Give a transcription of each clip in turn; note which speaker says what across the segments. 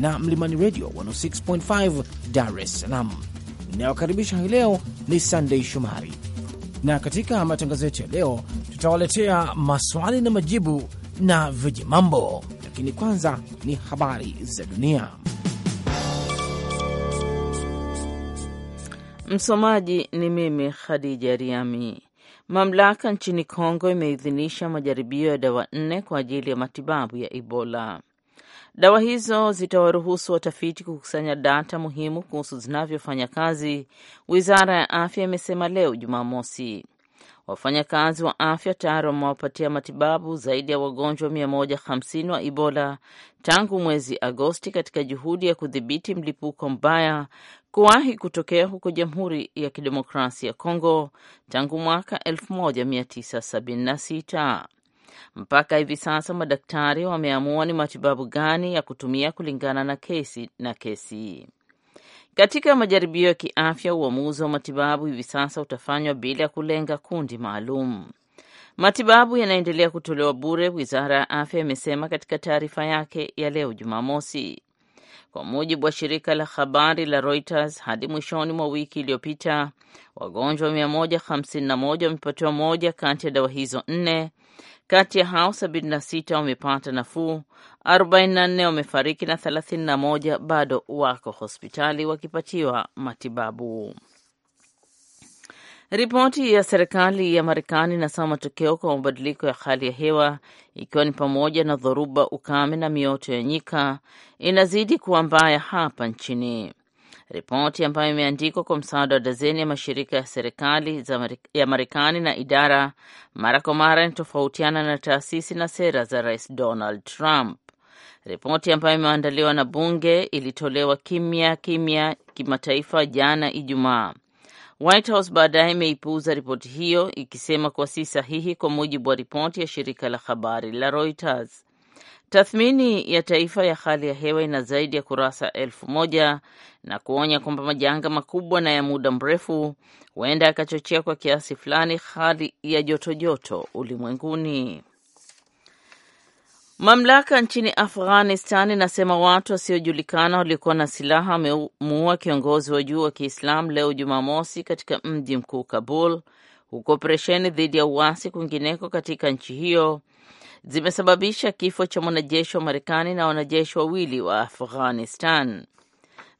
Speaker 1: na Mlimani Radio 106.5 Dar es Salaam. Inayokaribisha hii leo ni Sandei Shomari, na katika matangazo yetu ya leo tutawaletea maswali na majibu na vijimambo, lakini kwanza ni habari za dunia.
Speaker 2: Msomaji ni mimi Khadija Riami. Mamlaka nchini Kongo imeidhinisha majaribio ya dawa nne kwa ajili ya matibabu ya Ebola. Dawa hizo zitawaruhusu watafiti kukusanya data muhimu kuhusu zinavyofanya kazi, wizara ya afya imesema leo Jumamosi. Wafanyakazi wa afya tayari wamewapatia matibabu zaidi ya wagonjwa 150 wa Ebola tangu mwezi Agosti katika juhudi ya kudhibiti mlipuko mbaya kuwahi kutokea huko Jamhuri ya Kidemokrasia ya Kongo tangu mwaka 1976. Mpaka hivi sasa madaktari wameamua ni matibabu gani ya kutumia kulingana na kesi na kesi. Katika majaribio ya kiafya, uamuzi wa matibabu hivi sasa utafanywa bila ya kulenga kundi maalum. Matibabu yanaendelea kutolewa bure, wizara ya afya imesema katika taarifa yake ya leo Jumamosi. Kwa mujibu wa shirika la habari la Reuters, hadi mwishoni mwa wiki iliyopita wagonjwa 151 wamepatiwa moja kati ya dawa hizo nne. Kati ya hao 76 wamepata nafuu, 44 wamefariki na 31 bado wako hospitali wakipatiwa matibabu. Ripoti ya serikali ya Marekani inasema matokeo kwa mabadiliko ya hali ya hewa ikiwa ni pamoja na dhoruba, ukame na mioto ya nyika inazidi kuwa mbaya hapa nchini. Ripoti ambayo imeandikwa kwa msaada wa dazeni ya mashirika ya serikali ya Marekani na idara mara kwa mara inatofautiana na taasisi na sera za Rais Donald Trump. Ripoti ambayo imeandaliwa na bunge ilitolewa kimya kimya kimataifa jana Ijumaa. White House baadaye imeipuuza ripoti hiyo ikisema kuwa si sahihi kwa mujibu wa ripoti ya shirika la habari la Reuters. Tathmini ya taifa ya hali ya hewa ina zaidi ya kurasa elfu moja na kuonya kwamba majanga makubwa na ya muda mrefu huenda yakachochea kwa kiasi fulani hali ya jotojoto ulimwenguni. Mamlaka nchini Afghanistan inasema watu wasiojulikana waliokuwa na silaha wamemuua kiongozi wa juu wa Kiislamu leo Jumamosi katika mji mkuu Kabul, huku operesheni dhidi ya uasi kwingineko katika nchi hiyo zimesababisha kifo cha mwanajeshi wa Marekani na wanajeshi wawili wa Afghanistan.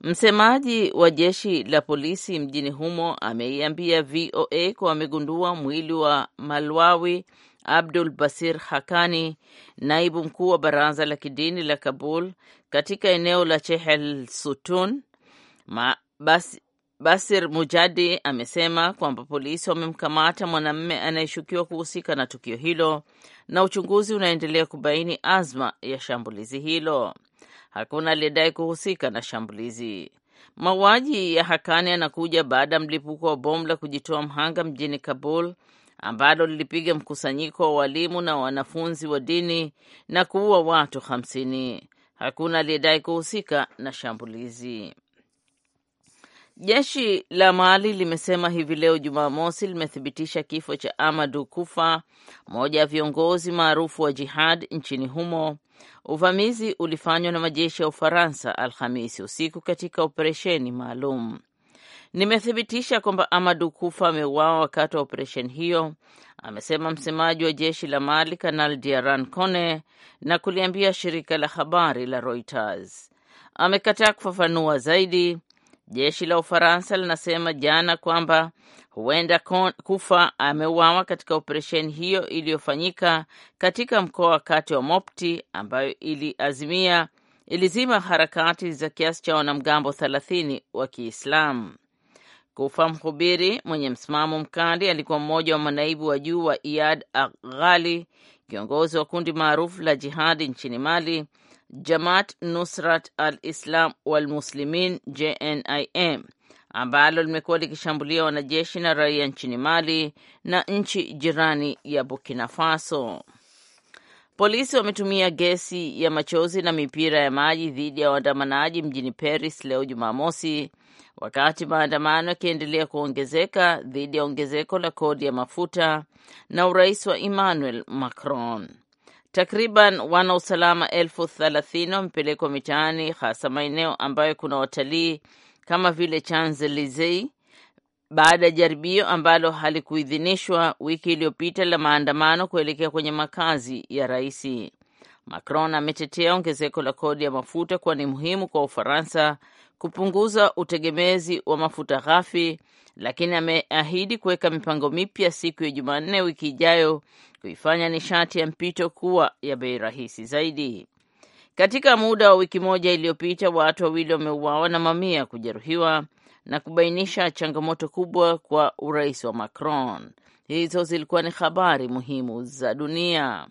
Speaker 2: Msemaji wa jeshi la polisi mjini humo ameiambia VOA kuwa amegundua mwili wa Malwawi Abdul Basir Hakani, naibu mkuu wa baraza la kidini la Kabul katika eneo la Chehel Sutun Ma, bas, Basir Mujadi amesema kwamba polisi wamemkamata mwanamume anayeshukiwa kuhusika na tukio hilo na uchunguzi unaendelea kubaini azma ya shambulizi hilo. Hakuna aliyedai kuhusika na shambulizi. Mauaji ya Hakani yanakuja baada ya mlipuko wa bomu la kujitoa mhanga mjini Kabul ambalo lilipiga mkusanyiko wa walimu na wanafunzi wa dini na kuua watu hamsini. Hakuna aliyedai kuhusika na shambulizi. Jeshi la Mali limesema hivi leo Jumamosi limethibitisha kifo cha Amadu Kufa, mmoja ya viongozi maarufu wa jihad nchini humo. Uvamizi ulifanywa na majeshi ya Ufaransa Alhamisi usiku katika operesheni maalum. Nimethibitisha kwamba Amadu Kufa ameuawa wakati wa operesheni hiyo, amesema msemaji wa jeshi la Mali Kanal Diaran Kone na kuliambia shirika la habari la Reuters. Amekataa kufafanua zaidi. Jeshi la Ufaransa linasema jana kwamba huenda Kufa ameuawa katika operesheni hiyo iliyofanyika katika mkoa wa kati wa Mopti ambayo iliazimia ilizima harakati za kiasi cha wanamgambo 30 wa Kiislamu. Kufa, mhubiri mwenye msimamo mkali, alikuwa mmoja wa manaibu wa juu wa Iyad Aghali, kiongozi wa kundi maarufu la jihadi nchini Mali, Jamaat Nusrat al-Islam wal Muslimin, JNIM, ambalo limekuwa likishambulia wanajeshi na raia nchini Mali na nchi jirani ya Burkina Faso. Polisi wametumia gesi ya machozi na mipira ya maji dhidi ya waandamanaji mjini Paris leo Jumamosi, wakati maandamano yakiendelea kuongezeka dhidi ya ongezeko la kodi ya mafuta na urais wa Emmanuel Macron. Takriban wana usalama elfu thelathini wamepelekwa mitaani, hasa maeneo ambayo kuna watalii kama vile Champs Elysees baada ya jaribio ambalo halikuidhinishwa wiki iliyopita la maandamano kuelekea kwenye makazi ya rais. Macron ametetea ongezeko la kodi ya mafuta kuwa ni muhimu kwa Ufaransa kupunguza utegemezi wa mafuta ghafi, lakini ameahidi kuweka mipango mipya siku ya Jumanne wiki ijayo kuifanya nishati ya mpito kuwa ya bei rahisi zaidi. Katika muda wa wiki moja iliyopita, watu wawili wameuawa na mamia kujeruhiwa na kubainisha changamoto kubwa kwa urais wa Macron. Hizo zilikuwa ni habari muhimu za dunia.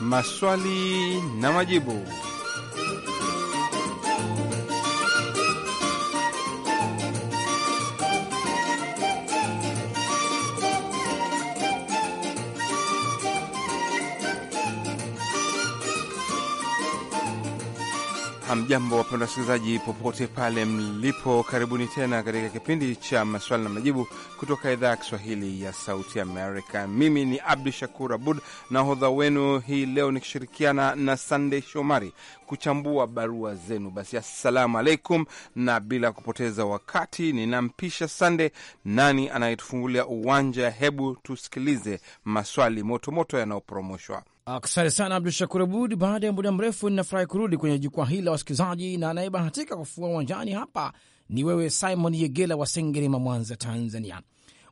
Speaker 3: Maswali na majibu. Hamjambo, wapenda wasikilizaji popote pale mlipo, karibuni tena katika kipindi cha maswali na majibu kutoka idhaa ya Kiswahili ya Sauti Amerika. Mimi ni Abdu Shakur Abud na hodha wenu hii leo nikishirikiana na Sandey Shomari kuchambua barua zenu. Basi assalamu alaikum, na bila kupoteza wakati ninampisha Sande. Nani anayetufungulia uwanja? Hebu tusikilize maswali motomoto yanayopromoshwa.
Speaker 1: Asante sana Abdu Shakur Abud. Baada ya muda mrefu, ninafurahi kurudi kwenye jukwaa hili la wasikilizaji, na anayebahatika kufua uwanjani hapa ni wewe Simon Yegela wa Sengerema, Mwanza, Tanzania.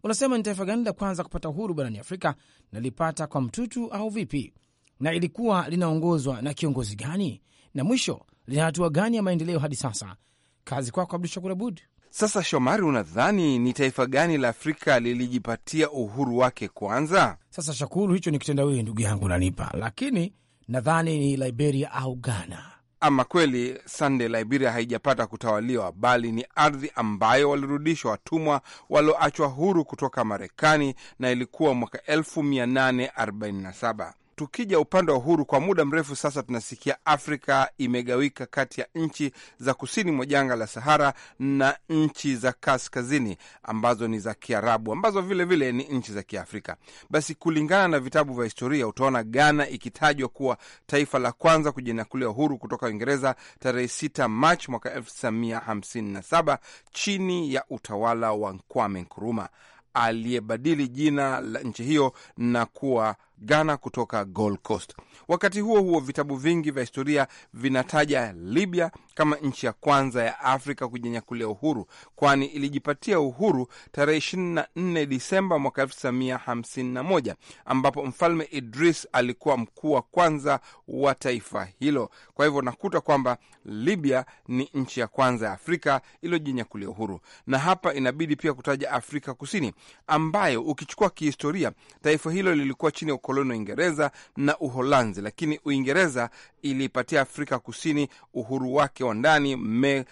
Speaker 1: Unasema ni taifa gani la kwanza kupata uhuru barani Afrika? Nalipata kwa mtutu au vipi? Na ilikuwa linaongozwa na kiongozi gani? Na mwisho lina hatua gani ya maendeleo hadi sasa? Kazi kwako, Abdu Shakur Abud.
Speaker 3: Sasa Shomari, unadhani ni taifa gani la Afrika lilijipatia uhuru wake kwanza?
Speaker 1: Sasa Shakuru, hicho ni kitendawili ndugu yangu nanipa, lakini nadhani ni Liberia au Ghana.
Speaker 3: Ama kweli sande, Liberia haijapata kutawaliwa, bali ni ardhi ambayo walirudishwa watumwa walioachwa huru kutoka Marekani, na ilikuwa mwaka 1847. Tukija upande wa uhuru, kwa muda mrefu sasa tunasikia Afrika imegawika kati ya nchi za kusini mwa jangwa la Sahara na nchi za kaskazini ambazo ni za Kiarabu, ambazo vilevile vile ni nchi za Kiafrika. Basi kulingana na vitabu vya historia, utaona Ghana ikitajwa kuwa taifa la kwanza kujinyakulia uhuru kutoka Uingereza tarehe 6 Machi mwaka 1957 chini ya utawala wa nkwame nkuruma aliyebadili jina la nchi hiyo na kuwa Ghana kutoka Gold Coast. Wakati huo huo, vitabu vingi vya historia vinataja Libya kama nchi ya kwanza ya Afrika kujinyakulia uhuru, kwani ilijipatia uhuru tarehe 24 Disemba mwaka 1951 ambapo Mfalme Idris alikuwa mkuu wa kwanza wa taifa hilo. Kwa hivyo nakuta kwamba Libya ni nchi ya kwanza ya Afrika iliyojinyakulia uhuru, na hapa inabidi pia kutaja Afrika Kusini ambayo ukichukua kihistoria, taifa hilo lilikuwa chini ya ukoloni wa Uingereza na Uholanzi, lakini Uingereza iliipatia Afrika Kusini uhuru wake wa ndani Mei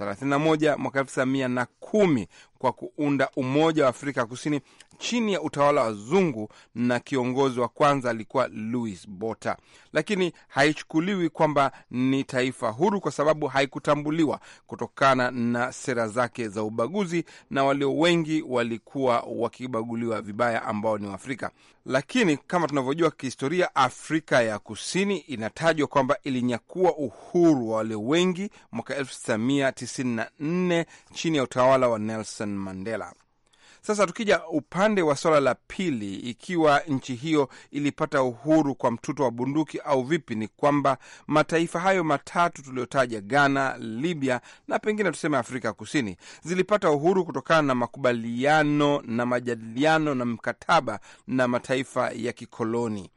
Speaker 3: 31 mwaka 1910 kwa kuunda Umoja wa Afrika Kusini chini ya utawala wa zungu, na kiongozi wa kwanza alikuwa Louis Bota, lakini haichukuliwi kwamba ni taifa huru kwa sababu haikutambuliwa kutokana na sera zake za ubaguzi, na walio wengi walikuwa wakibaguliwa vibaya ambao ni Waafrika. Lakini kama tunavyojua kihistoria, Afrika ya Kusini inatajwa kwamba ilinyakua uhuru wa walio wengi mwaka 1994 chini ya utawala wa Nelson Mandela. Sasa tukija upande wa swala la pili, ikiwa nchi hiyo ilipata uhuru kwa mtuto wa bunduki au vipi, ni kwamba mataifa hayo matatu tuliyotaja, Ghana, Libya na pengine tuseme Afrika Kusini, zilipata uhuru kutokana na makubaliano na majadiliano na mkataba na mataifa ya kikoloni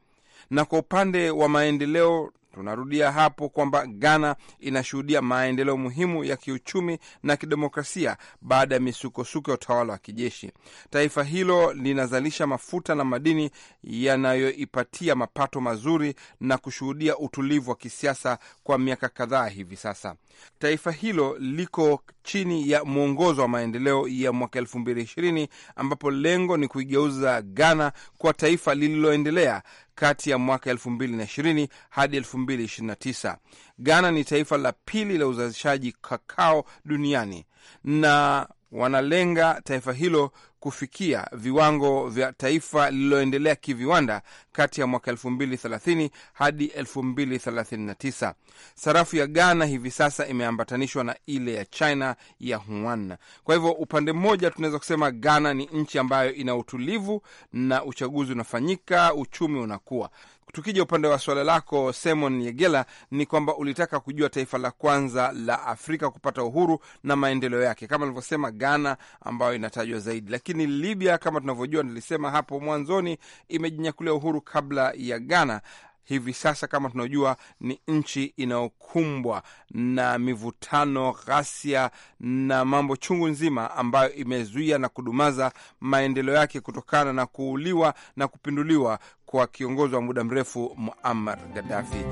Speaker 3: na kwa upande wa maendeleo Tunarudia hapo kwamba Ghana inashuhudia maendeleo muhimu ya kiuchumi na kidemokrasia baada ya misukosuko ya utawala wa kijeshi. Taifa hilo linazalisha mafuta na madini yanayoipatia mapato mazuri na kushuhudia utulivu wa kisiasa kwa miaka kadhaa hivi sasa. Taifa hilo liko chini ya mwongozo wa maendeleo ya mwaka ishirini ambapo lengo ni kuigeuza Ghana kwa taifa lililoendelea kati ya mwaka ishirini hadi tisa. Ghana ni taifa la pili la uzalishaji kakao duniani na wanalenga taifa hilo kufikia viwango vya taifa lililoendelea kiviwanda kati ya mwaka 2030 hadi 2039. Sarafu ya Ghana hivi sasa imeambatanishwa na ile ya China ya Yuan. Kwa hivyo, upande mmoja tunaweza kusema Ghana ni nchi ambayo ina utulivu na uchaguzi unafanyika, uchumi unakuwa. Tukija upande wa suala lako Simon Yegela, ni kwamba ulitaka kujua taifa la kwanza la Afrika kupata uhuru na maendeleo yake, kama alivyosema Ghana ambayo inatajwa zaidi, lakini Libya kama tunavyojua, nilisema hapo mwanzoni, imejinyakulia uhuru kabla ya Ghana hivi sasa, kama tunaojua, ni nchi inayokumbwa na mivutano, ghasia na mambo chungu nzima, ambayo imezuia na kudumaza maendeleo yake kutokana na kuuliwa na kupinduliwa kwa kiongozi wa muda mrefu Muammar Gaddafi.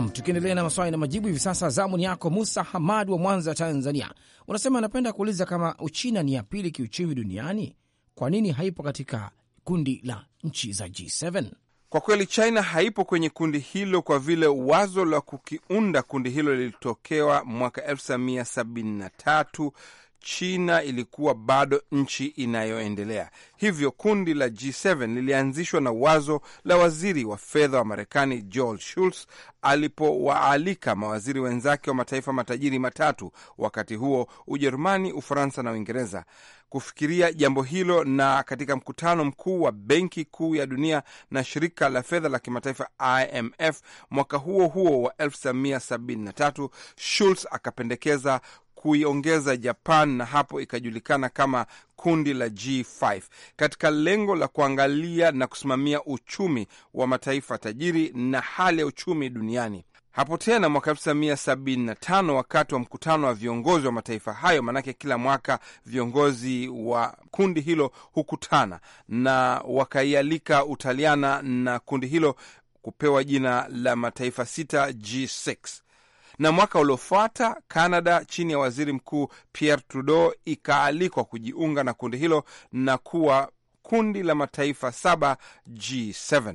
Speaker 1: Nam, tukiendelea na maswali na majibu hivi sasa, zamu ni yako Musa Hamad wa Mwanza, Tanzania. Unasema anapenda kuuliza kama Uchina ni ya pili kiuchumi duniani, kwa nini haipo katika kundi la nchi za G7?
Speaker 3: Kwa kweli China haipo kwenye kundi hilo kwa vile wazo la kukiunda kundi hilo lilitokewa mwaka 1973 China ilikuwa bado nchi inayoendelea. Hivyo kundi la G7 lilianzishwa na wazo la waziri wa fedha wa Marekani Joel Schultz alipowaalika mawaziri wenzake wa mataifa matajiri matatu wakati huo, Ujerumani, Ufaransa na Uingereza kufikiria jambo hilo, na katika mkutano mkuu wa Benki Kuu ya Dunia na Shirika la Fedha la Kimataifa IMF mwaka huo huo wa 1973 Schultz akapendekeza kuiongeza Japan na hapo ikajulikana kama kundi la G5 katika lengo la kuangalia na kusimamia uchumi wa mataifa tajiri na hali ya uchumi duniani. Hapo tena mwaka 1975 wakati wa mkutano wa viongozi wa mataifa hayo, maanake kila mwaka viongozi wa kundi hilo hukutana, na wakaialika Utaliana na kundi hilo kupewa jina la mataifa sita G6 na mwaka uliofuata Canada chini ya waziri mkuu Pierre Trudeau ikaalikwa kujiunga na kundi hilo na kuwa kundi la mataifa saba G7.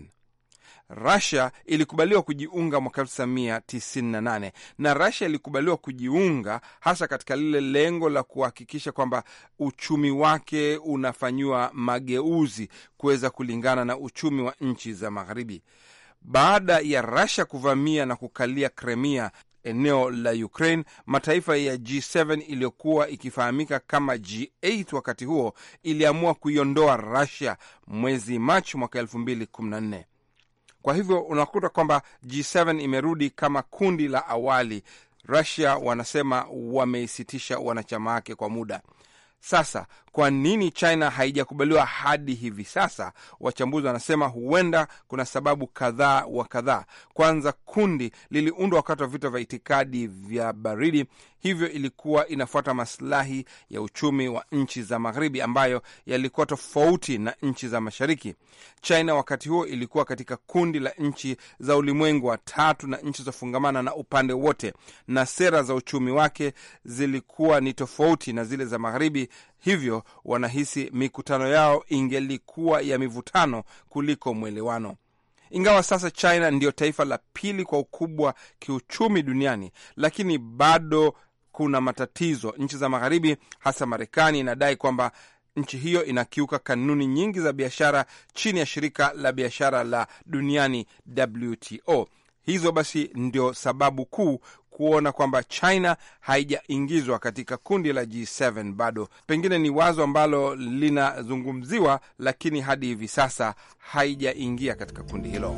Speaker 3: Rusia ilikubaliwa kujiunga mwaka 1998 na Rusia ilikubaliwa kujiunga hasa katika lile lengo la kuhakikisha kwamba uchumi wake unafanyiwa mageuzi kuweza kulingana na uchumi wa nchi za Magharibi. Baada ya Rusia kuvamia na kukalia Kremia eneo la Ukraine, mataifa ya G7 iliyokuwa ikifahamika kama G8 wakati huo iliamua kuiondoa Russia mwezi Machi mwaka 2014. Kwa hivyo unakuta kwamba G7 imerudi kama kundi la awali. Russia wanasema wameisitisha wanachama wake kwa muda. Sasa kwa nini China haijakubaliwa hadi hivi sasa? Wachambuzi wanasema huenda kuna sababu kadhaa wa kadhaa. Kwanza, kundi liliundwa wakati wa vita vya itikadi vya baridi, hivyo ilikuwa inafuata masilahi ya uchumi wa nchi za magharibi ambayo yalikuwa tofauti na nchi za mashariki. China wakati huo ilikuwa katika kundi la nchi za ulimwengu wa tatu na nchi zofungamana na upande wote, na sera za uchumi wake zilikuwa ni tofauti na zile za magharibi hivyo wanahisi mikutano yao ingelikuwa ya mivutano kuliko mwelewano. Ingawa sasa China ndiyo taifa la pili kwa ukubwa kiuchumi duniani, lakini bado kuna matatizo. Nchi za Magharibi, hasa Marekani, inadai kwamba nchi hiyo inakiuka kanuni nyingi za biashara chini ya shirika la biashara la duniani WTO. Hizo basi ndio sababu kuu kuona kwamba China haijaingizwa katika kundi la G7 bado. Pengine ni wazo ambalo linazungumziwa, lakini hadi hivi sasa haijaingia katika kundi hilo.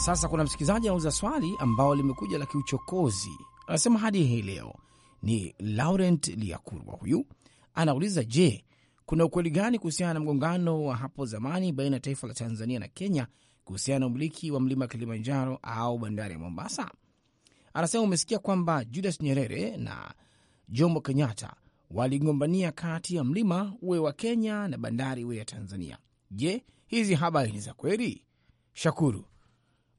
Speaker 1: Sasa kuna msikilizaji anauza swali ambao limekuja la kiuchokozi, anasema hadi hii leo ni Laurent Liakurwa. Huyu anauliza je, kuna ukweli gani kuhusiana na mgongano wa hapo zamani baina ya taifa la Tanzania na Kenya kuhusiana na umiliki wa mlima Kilimanjaro au bandari ya Mombasa? Anasema umesikia kwamba Julius Nyerere na Jomo Kenyatta waligombania kati ya mlima uwe wa Kenya na bandari uwe ya Tanzania. Je, hizi habari ni za kweli? Shakuru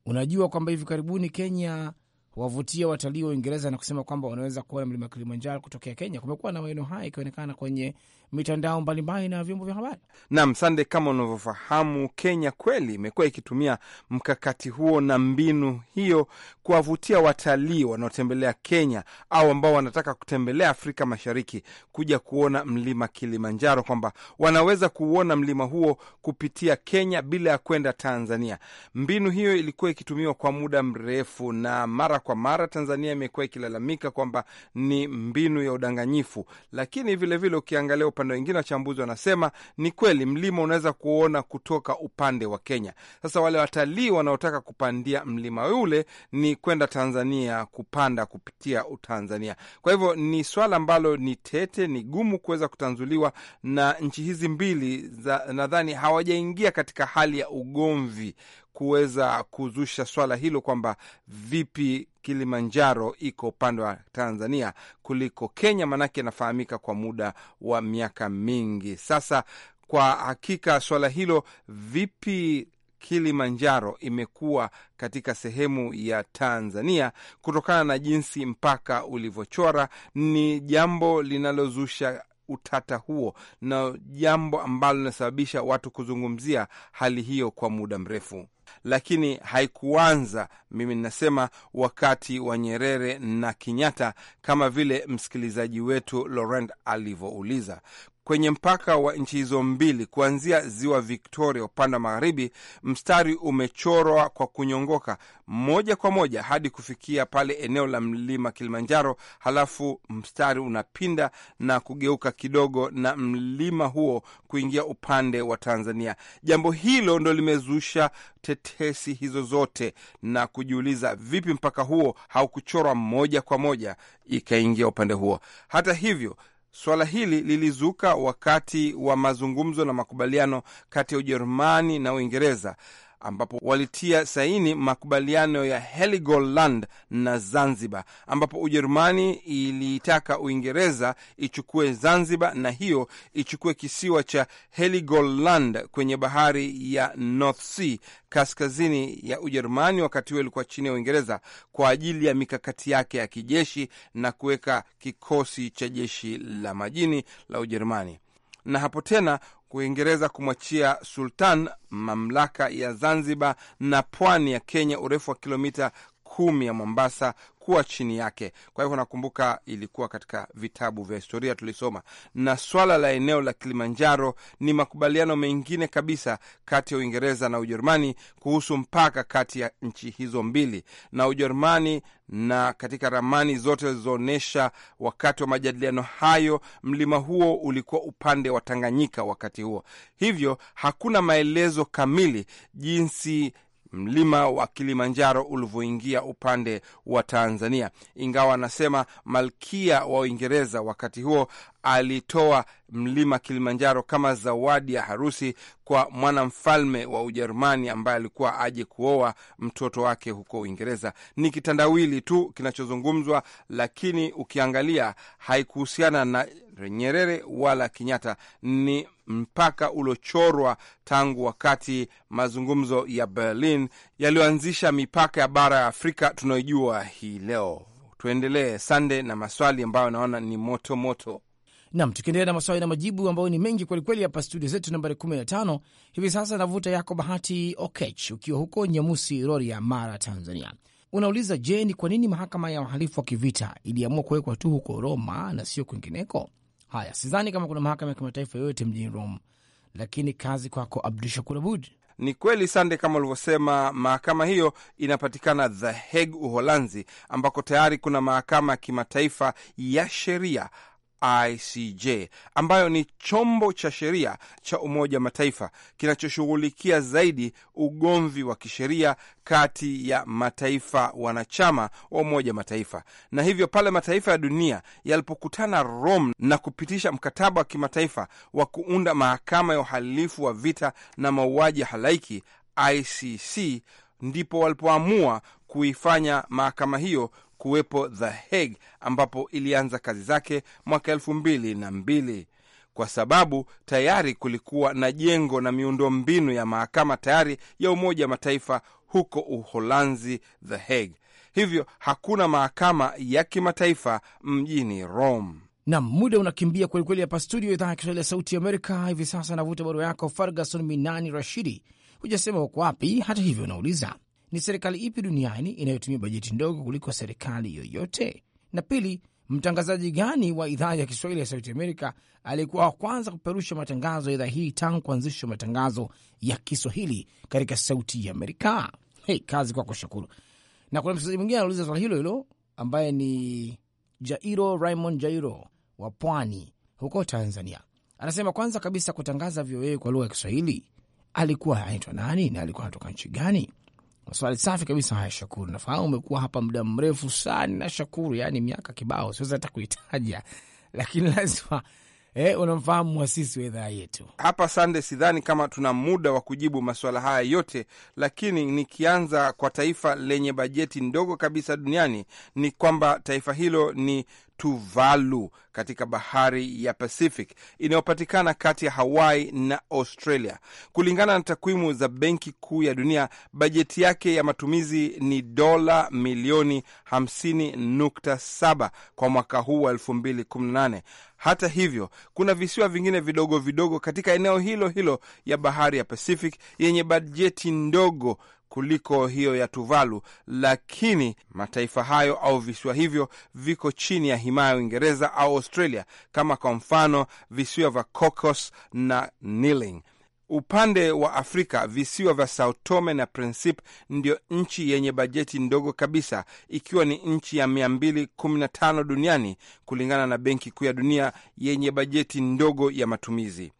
Speaker 1: Unajua kwamba hivi karibuni Kenya kuwavutia watalii wa Uingereza na kusema kwamba wanaweza kuona mlima Kilimanjaro kutokea Kenya. Kumekuwa na maneno haya ikionekana kwenye mitandao mbalimbali na vyombo vya habari.
Speaker 3: Naam, Sande, kama unavyofahamu, Kenya kweli imekuwa ikitumia mkakati huo na mbinu hiyo kuwavutia watalii wanaotembelea Kenya au ambao wanataka kutembelea Afrika Mashariki kuja kuona mlima Kilimanjaro, kwamba wanaweza kuuona mlima huo kupitia Kenya bila ya kwenda Tanzania. Mbinu hiyo ilikuwa ikitumiwa kwa muda mrefu na mara kwa kwa mara Tanzania imekuwa ikilalamika kwamba ni mbinu ya udanganyifu, lakini vilevile ukiangalia upande wengine, wachambuzi wanasema ni kweli mlima unaweza kuona kutoka upande wa Kenya. Sasa wale watalii wanaotaka kupandia mlima yule ni kwenda Tanzania kupanda kupitia Utanzania. Kwa hivyo ni swala ambalo ni tete, ni gumu kuweza kutanzuliwa, na nchi hizi mbili nadhani hawajaingia katika hali ya ugomvi kuweza kuzusha swala hilo kwamba vipi Kilimanjaro iko upande wa Tanzania kuliko Kenya, maanake inafahamika kwa muda wa miaka mingi sasa. Kwa hakika suala hilo vipi Kilimanjaro imekuwa katika sehemu ya Tanzania kutokana na jinsi mpaka ulivyochora, ni jambo linalozusha utata huo na jambo ambalo linasababisha watu kuzungumzia hali hiyo kwa muda mrefu lakini haikuanza, mimi ninasema, wakati wa Nyerere na Kenyatta, kama vile msikilizaji wetu Laurent alivyouliza kwenye mpaka wa nchi hizo mbili kuanzia ziwa Victoria upande wa magharibi. Mstari umechorwa kwa kunyongoka moja kwa moja hadi kufikia pale eneo la mlima Kilimanjaro, halafu mstari unapinda na kugeuka kidogo na mlima huo kuingia upande wa Tanzania. Jambo hilo ndo limezusha tetesi hizo zote na kujiuliza vipi mpaka huo haukuchorwa moja kwa moja ikaingia upande huo. Hata hivyo Swala hili lilizuka wakati wa mazungumzo na makubaliano kati ya Ujerumani na Uingereza ambapo walitia saini makubaliano ya Heligoland na Zanzibar, ambapo Ujerumani iliitaka Uingereza ichukue Zanzibar na hiyo ichukue kisiwa cha Heligoland kwenye bahari ya North Sea kaskazini ya Ujerumani, wakati huo ilikuwa chini ya Uingereza, kwa ajili ya mikakati yake ya kijeshi na kuweka kikosi cha jeshi la majini la Ujerumani. Na hapo tena Uingereza kumwachia Sultan mamlaka ya Zanzibar na pwani ya Kenya, urefu wa kilomita kumi ya Mombasa kuwa chini yake. Kwa hivyo nakumbuka ilikuwa katika vitabu vya historia tulisoma. Na swala la eneo la Kilimanjaro ni makubaliano mengine kabisa kati ya Uingereza na Ujerumani kuhusu mpaka kati ya nchi hizo mbili na Ujerumani. Na katika ramani zote zilizoonyesha wakati wa majadiliano hayo, mlima huo ulikuwa upande wa Tanganyika wakati huo, hivyo hakuna maelezo kamili jinsi mlima wa Kilimanjaro ulivyoingia upande wa Tanzania, ingawa anasema malkia wa Uingereza wakati huo alitoa mlima Kilimanjaro kama zawadi ya harusi kwa mwanamfalme wa Ujerumani ambaye alikuwa aje kuoa mtoto wake huko Uingereza. Ni kitandawili tu kinachozungumzwa, lakini ukiangalia haikuhusiana na Nyerere wala Kenyatta. Ni mpaka uliochorwa tangu wakati mazungumzo ya Berlin yaliyoanzisha mipaka ya bara ya Afrika tunayojua hii leo. Tuendelee Sande na maswali ambayo naona ni moto moto.
Speaker 1: Nam, tukiendelea na maswali na majibu ambayo ni mengi kwelikweli hapa studio zetu nambari 15 hivi sasa. Navuta yako Bahati Okech ukiwa huko Nyamusi, roria Mara, Tanzania. Unauliza, je, ni kwa nini mahakama ya wahalifu wa kivita iliamua kuwekwa tu huko Roma na sio kwingineko? Haya, sidhani kama kuna mahakama ya kimataifa yoyote mjini Rome, lakini kazi kwako Abdu Shakur Abud.
Speaker 3: Ni kweli Sande, kama ulivyosema, mahakama hiyo inapatikana The Hague, Uholanzi, ambako tayari kuna mahakama ya kimataifa ya sheria ICJ ambayo ni chombo cha sheria cha Umoja wa Mataifa kinachoshughulikia zaidi ugomvi wa kisheria kati ya mataifa wanachama wa Umoja wa Mataifa. Na hivyo pale mataifa ya dunia yalipokutana Rome na kupitisha mkataba wa kimataifa wa kuunda mahakama ya uhalifu wa vita na mauaji ya halaiki ICC, ndipo walipoamua kuifanya mahakama hiyo kuwepo The Hague ambapo ilianza kazi zake mwaka elfu mbili na mbili kwa sababu tayari kulikuwa na jengo na miundo mbinu ya mahakama tayari ya Umoja wa Mataifa huko Uholanzi, The Hague. Hivyo hakuna mahakama ya kimataifa mjini Rome.
Speaker 1: Nam, muda unakimbia kwelikweli hapa studio, idhaa ya Kiswahili ya Sauti Amerika. Hivi sasa anavuta barua yako Ferguson Minani Rashidi, hujasema uko wapi. Hata hivyo unauliza ni serikali ipi duniani inayotumia bajeti ndogo kuliko serikali yoyote? Na pili, mtangazaji gani wa idhaa ya Kiswahili ya Sauti Amerika aliyekuwa wa kwanza kupeperusha matangazo ya idhaa hii tangu kuanzishwa matangazo ya Kiswahili katika Sauti ya Amerika? Hey, kazi kwako, shukuru. Na kuna msikilizaji mwingine anauliza swali hilo hilo ambaye ni Jairo Raymond Jairo wa Pwani huko Tanzania, anasema kwanza kabisa kutangaza VOA kwa lugha ya Kiswahili alikuwa anaitwa nani na alikuwa anatoka nchi gani? Swali safi kabisa. Haya, Shakuru, nafahamu umekuwa hapa muda mrefu sana Shakuru, yaani miaka kibao, siweza hata kuitaja, lakini lazima eh, unamfahamu mwasisi wa idhaa yetu
Speaker 3: hapa Sande. Sidhani kama tuna muda wa kujibu masuala haya yote, lakini nikianza kwa taifa lenye bajeti ndogo kabisa duniani, ni kwamba taifa hilo ni Tuvalu katika bahari ya Pacific inayopatikana kati ya Hawaii na Australia. Kulingana na takwimu za Benki Kuu ya Dunia, bajeti yake ya matumizi ni dola milioni 50.7 kwa mwaka huu wa 2018. Hata hivyo, kuna visiwa vingine vidogo vidogo katika eneo hilo hilo ya bahari ya Pacific yenye bajeti ndogo kuliko hiyo ya Tuvalu, lakini mataifa hayo au visiwa hivyo viko chini ya himaya ya Uingereza au Australia, kama kwa mfano visiwa vya Cocos na Niling. Upande wa Afrika, visiwa vya Sao Tome na Principe ndiyo nchi yenye bajeti ndogo kabisa, ikiwa ni nchi ya 215 duniani kulingana na Benki Kuu ya Dunia yenye bajeti ndogo ya matumizi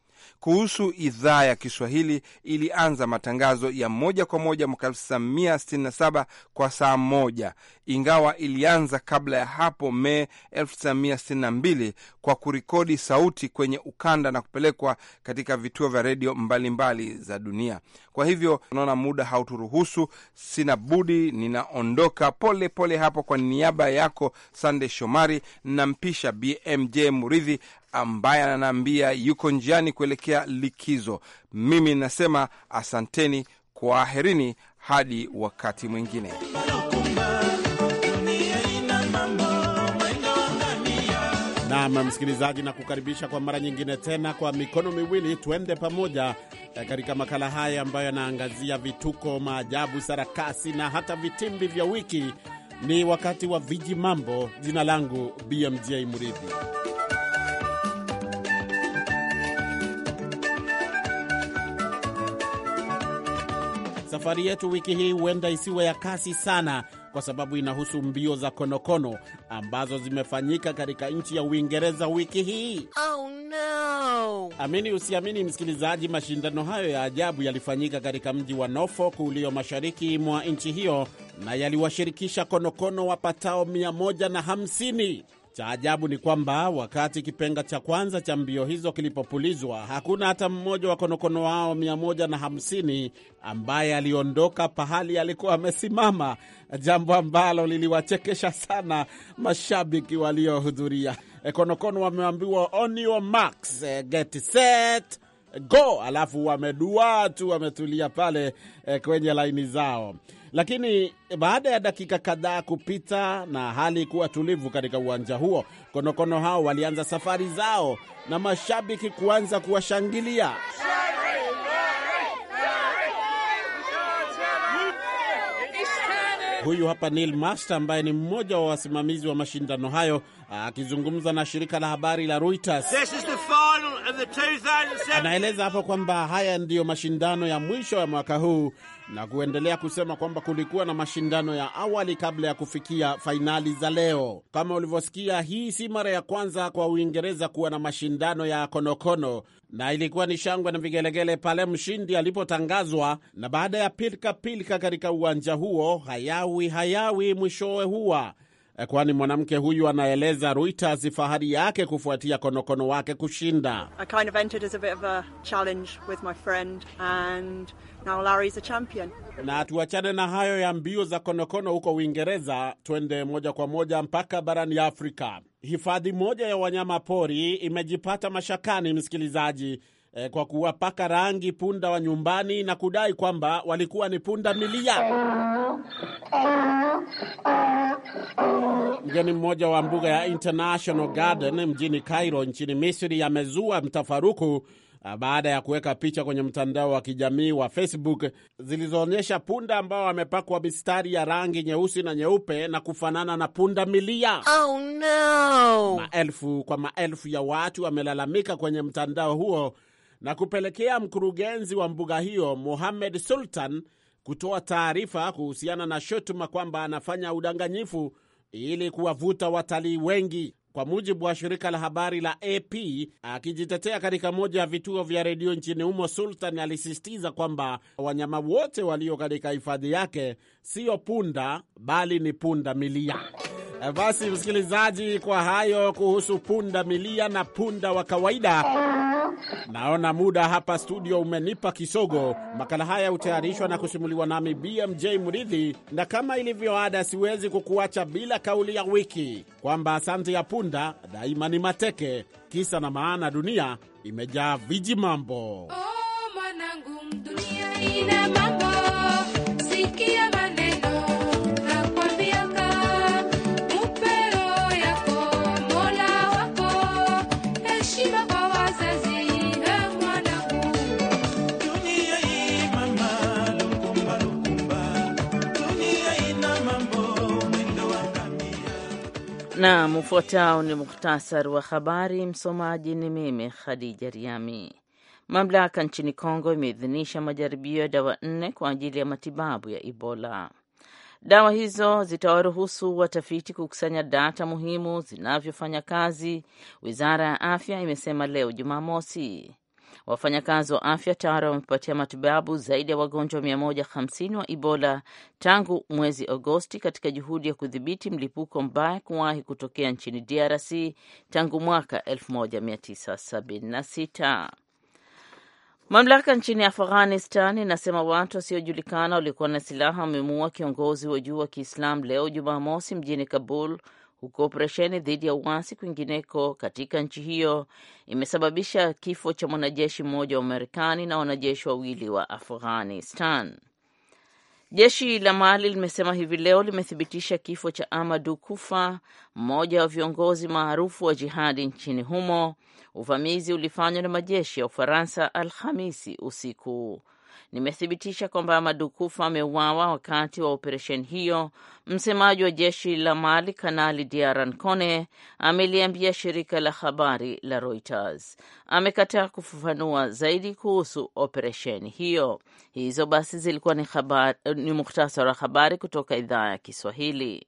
Speaker 3: kuhusu idhaa ya Kiswahili ilianza matangazo ya moja kwa moja mwaka 1967 kwa saa moja, ingawa ilianza kabla ya hapo Mei 1962 kwa kurikodi sauti kwenye ukanda na kupelekwa katika vituo vya redio mbalimbali za dunia. Kwa hivyo unaona, muda hauturuhusu, sina budi, ninaondoka pole pole hapo. Kwa niaba yako Sande Shomari, nampisha BMJ Muridhi ambaye ananiambia yuko njiani kuelekea likizo. Mimi nasema asanteni, kwaherini, hadi wakati mwingine.
Speaker 4: Nam msikilizaji, na kukaribisha kwa mara nyingine tena kwa mikono miwili, tuende pamoja eh, katika makala haya ambayo yanaangazia vituko, maajabu, sarakasi na hata vitimbi vya wiki. Ni wakati wa viji mambo. Jina langu BMJ Muridhi. Safari yetu wiki hii huenda isiwe ya kasi sana, kwa sababu inahusu mbio za konokono ambazo zimefanyika katika nchi ya Uingereza wiki hii.
Speaker 1: Oh, no.
Speaker 4: Amini usiamini, msikilizaji, mashindano hayo ya ajabu yalifanyika katika mji wa Norfolk ulio mashariki mwa nchi hiyo na yaliwashirikisha konokono wapatao 150. Cha ajabu ni kwamba wakati kipenga cha kwanza cha mbio hizo kilipopulizwa, hakuna hata mmoja wa konokono wao 150 ambaye aliondoka pahali alikuwa amesimama, jambo ambalo liliwachekesha sana mashabiki waliohudhuria. E, konokono wameambiwa on your marks, e, get set go, alafu wamedua tu, wametulia pale e, kwenye laini zao. Lakini baada ya dakika kadhaa kupita na hali kuwa tulivu katika uwanja huo, konokono hao walianza safari zao na mashabiki kuanza kuwashangilia. Huyu hapa Neil Master ambaye ni mmoja wa wasimamizi wa mashindano hayo Akizungumza na shirika la habari la Reuters, anaeleza hapo kwamba haya ndiyo mashindano ya mwisho ya mwaka huu na kuendelea kusema kwamba kulikuwa na mashindano ya awali kabla ya kufikia fainali za leo. Kama ulivyosikia, hii si mara ya kwanza kwa Uingereza kuwa na mashindano ya konokono, na ilikuwa ni shangwe na vigelegele pale mshindi alipotangazwa, na baada ya pilkapilka katika uwanja huo, hayawi hayawi mwishowe huwa Eh, kwani mwanamke huyu anaeleza Reuters fahari yake kufuatia konokono wake kushinda. na tuachane na hayo ya mbio za konokono huko Uingereza, twende moja kwa moja mpaka barani Afrika. Hifadhi moja ya wanyama pori imejipata mashakani, msikilizaji eh, kwa kuwapaka rangi punda wa nyumbani na kudai kwamba walikuwa ni punda milia. Mgeni mmoja wa mbuga ya International Garden mjini Cairo nchini Misri amezua mtafaruku eh, baada ya kuweka picha kwenye mtandao wa kijamii wa Facebook zilizoonyesha punda ambao wamepakwa mistari ya rangi nyeusi na nyeupe na kufanana na punda milia. Oh, no. Maelfu kwa maelfu ya watu wamelalamika kwenye mtandao huo na kupelekea mkurugenzi wa mbuga hiyo Mohamed Sultan kutoa taarifa kuhusiana na shutuma kwamba anafanya udanganyifu ili kuwavuta watalii wengi. Kwa mujibu wa shirika la habari la AP, akijitetea katika moja ya vituo vya redio nchini humo, Sultan alisisitiza kwamba wanyama wote walio katika hifadhi yake siyo punda bali ni punda milia. Eh, basi msikilizaji, kwa hayo kuhusu punda milia na punda wa kawaida, naona muda hapa studio umenipa kisogo. Makala haya hutayarishwa na kusimuliwa nami BMJ Mridhi, na kama ilivyo ada, siwezi kukuacha bila kauli ya wiki kwamba asante ya punda daima ni mateke. Kisa na maana, dunia imejaa viji mambo.
Speaker 1: Oh,
Speaker 2: Naam, ufuatao ni muhtasari wa habari. Msomaji ni mimi Khadija Riami. Mamlaka nchini Kongo imeidhinisha majaribio ya dawa nne kwa ajili ya matibabu ya Ebola. Dawa hizo zitawaruhusu watafiti kukusanya data muhimu zinavyofanya kazi, wizara ya afya imesema leo Jumamosi. Wafanyakazi wa afya tayari wamepatia matibabu zaidi ya wagonjwa 150 wa Ebola tangu mwezi Agosti katika juhudi ya kudhibiti mlipuko mbaya kuwahi kutokea nchini DRC tangu mwaka 1976. Mamlaka nchini Afghanistan inasema watu wasiojulikana walikuwa na silaha wamemuua kiongozi wa juu wa Kiislamu leo Jumamosi mjini Kabul huku operesheni dhidi ya uasi kwingineko katika nchi hiyo imesababisha kifo cha mwanajeshi mmoja wa Marekani na wanajeshi wawili wa Afghanistan. Jeshi la Mali limesema hivi leo limethibitisha kifo cha Amadu Kufa, mmoja wa viongozi maarufu wa jihadi nchini humo. Uvamizi ulifanywa na majeshi ya Ufaransa Alhamisi usiku nimethibitisha kwamba Madukufu ameuawa wakati wa operesheni hiyo. Msemaji wa jeshi la Mali, Kanali Diaran Kone, ameliambia shirika la habari la Reuters. Amekataa kufafanua zaidi kuhusu operesheni hiyo. Hizo basi zilikuwa ni, ni muhtasari wa habari kutoka idhaa ya Kiswahili.